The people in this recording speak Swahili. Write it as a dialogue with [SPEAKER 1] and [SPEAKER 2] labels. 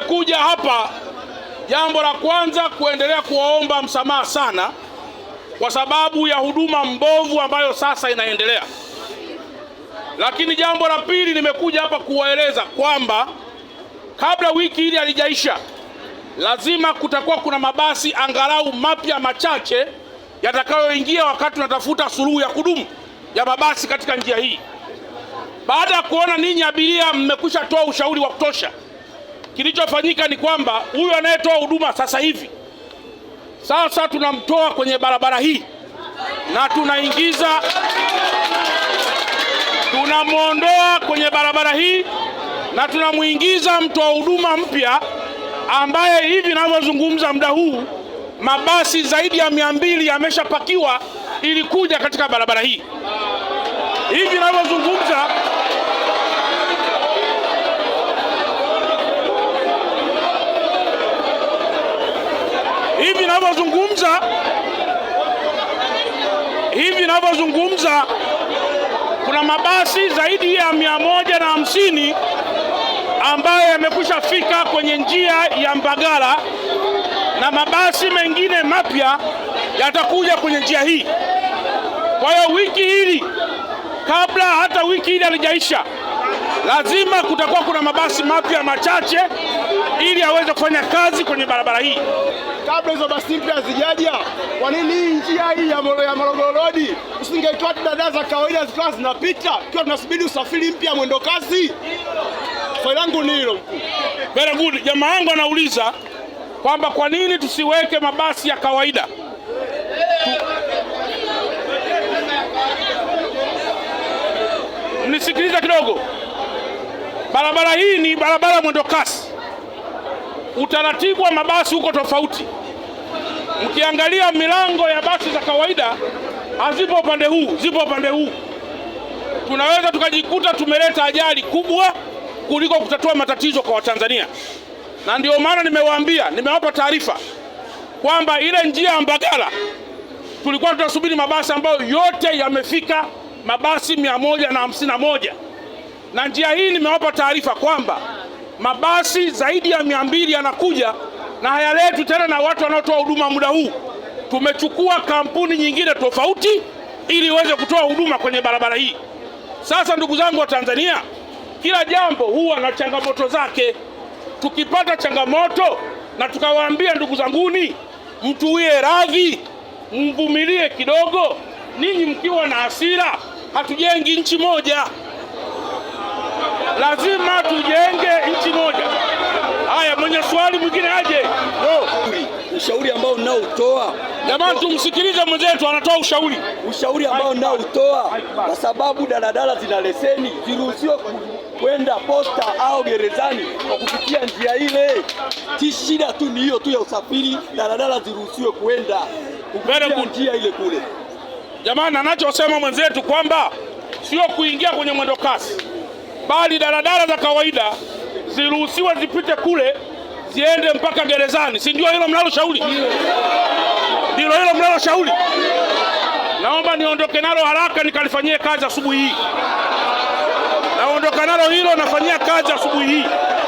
[SPEAKER 1] Nimekuja hapa jambo la kwanza kuendelea kuwaomba msamaha sana kwa sababu ya huduma mbovu ambayo sasa inaendelea, lakini jambo la pili nimekuja hapa kuwaeleza kwamba kabla wiki hili halijaisha, lazima kutakuwa kuna mabasi angalau mapya machache yatakayoingia wakati tunatafuta suluhu ya kudumu ya mabasi katika njia hii, baada ya kuona ninyi abiria mmekwisha toa ushauri wa kutosha. Kilichofanyika ni kwamba huyu anayetoa huduma sasa hivi, sasa tunamtoa kwenye barabara hii na tunaingiza, tunamwondoa kwenye barabara hii na tunamwingiza mtoa huduma mpya ambaye hivi ninavyozungumza muda huu mabasi zaidi ya mia mbili yameshapakiwa ili kuja katika barabara hii hivi ninavyozungumza. hivi ninavyozungumza, hivi ninavyozungumza kuna mabasi zaidi ya mia moja na hamsini ambayo yamekwisha fika kwenye njia ya Mbagala na mabasi mengine mapya yatakuja kwenye njia hii. Kwa hiyo wiki hili, kabla hata wiki hili halijaisha, lazima kutakuwa kuna mabasi mapya machache ili aweze kufanya kazi kwenye barabara hii
[SPEAKER 2] kabla hizo basi mpya hazijaja. Kwa nini hii njia hii ya Morogoro Road usingetoa dada za kawaida zikawa zinapita, ikiwa tunasubiri usafiri mpya mwendo kasi? Swali langu ni hilo.
[SPEAKER 1] Very good. Jamaa yangu anauliza kwamba kwa nini tusiweke mabasi ya kawaida Nisikiliza kidogo, barabara hii ni barabara mwendo kasi. Utaratibu wa mabasi huko tofauti. Mkiangalia milango ya basi za kawaida hazipo upande huu, zipo upande huu. Tunaweza tukajikuta tumeleta ajali kubwa kuliko kutatua matatizo kwa Watanzania, na ndio maana nimewaambia, nimewapa taarifa kwamba ile njia ya Mbagala tulikuwa tunasubiri mabasi ambayo yote yamefika, mabasi mia moja na hamsini na moja na njia hii nimewapa taarifa kwamba mabasi zaidi ya mia mbili yanakuja na hayaletwi tena na watu wanaotoa huduma muda huu. Tumechukua kampuni nyingine tofauti ili iweze kutoa huduma kwenye barabara hii. Sasa ndugu zangu wa Tanzania, kila jambo huwa na changamoto zake. Tukipata changamoto na tukawaambia ndugu zanguni, mtuwie radhi, mvumilie kidogo, ninyi mkiwa na hasira hatujengi nchi moja lazima tujenge nchi moja. Haya, mwenye swali mwingine aje.
[SPEAKER 2] Ushauri ambao ninaotoa
[SPEAKER 1] jamani, tumsikilize mwenzetu anatoa ushauri.
[SPEAKER 2] Ushauri ambao ninaotoa, kwa sababu daladala zina leseni, ziruhusiwe kwenda posta au gerezani kwa kupitia njia ile. Ti shida tu ni hiyo tu ya usafiri, daladala ziruhusiwe kwenda kupitia njia ile kule.
[SPEAKER 1] Jamani, anachosema mwenzetu kwamba sio kuingia kwenye mwendo kasi bali daladala za kawaida ziruhusiwe zipite kule ziende mpaka gerezani, si ndio hilo mnalo shauri? Ndilo hilo mnalo shauri. Naomba niondoke nalo haraka nikalifanyie kazi asubuhi hii. Naondoka nalo hilo, nafanyia kazi asubuhi hii.